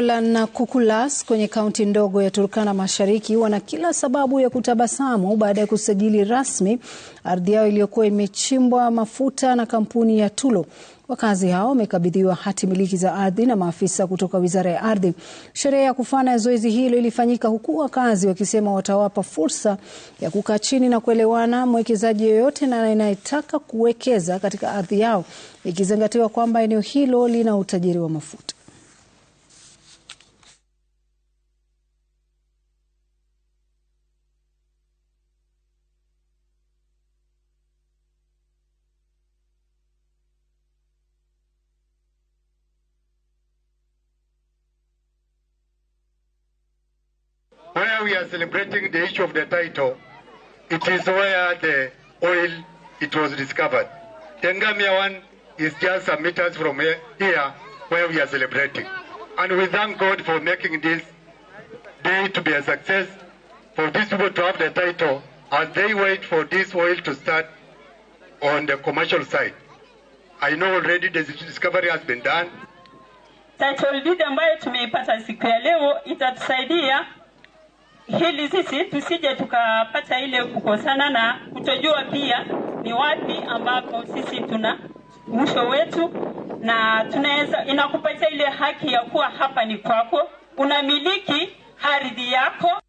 Ayolan na Kukulas kwenye kaunti ndogo ya Turkana Mashariki wana kila sababu ya kutabasamu baada ya kusajili rasmi ardhi yao iliyokuwa imechimbwa mafuta na kampuni ya Tullow. Wakazi hao wamekabidhiwa hati miliki za ardhi na maafisa kutoka Wizara ya Ardhi. Sherehe ya kufana ya zoezi hilo ilifanyika huku wakazi wakisema watawapa fursa ya kukaa chini na kuelewana, mwekezaji yoyote na anayetaka kuwekeza katika ardhi yao, ikizingatiwa kwamba eneo hilo lina utajiri wa mafuta. where we are celebrating the issue of the title, it is where the oil it was discovered. Tengamia one is just some meters from here where we are celebrating. And we thank God for making this day to be a success, for these people to have the title as they wait for this oil to start on the commercial side. I know already the discovery has been done. Title deed ambayo tumeipata siku ya leo itatusaidia hili sisi tusije tukapata ile kukosana na kutojua pia ni wapi ambapo sisi tuna mwisho wetu, na tunaweza inakupatia ile haki ya kuwa hapa ni kwako, unamiliki ardhi yako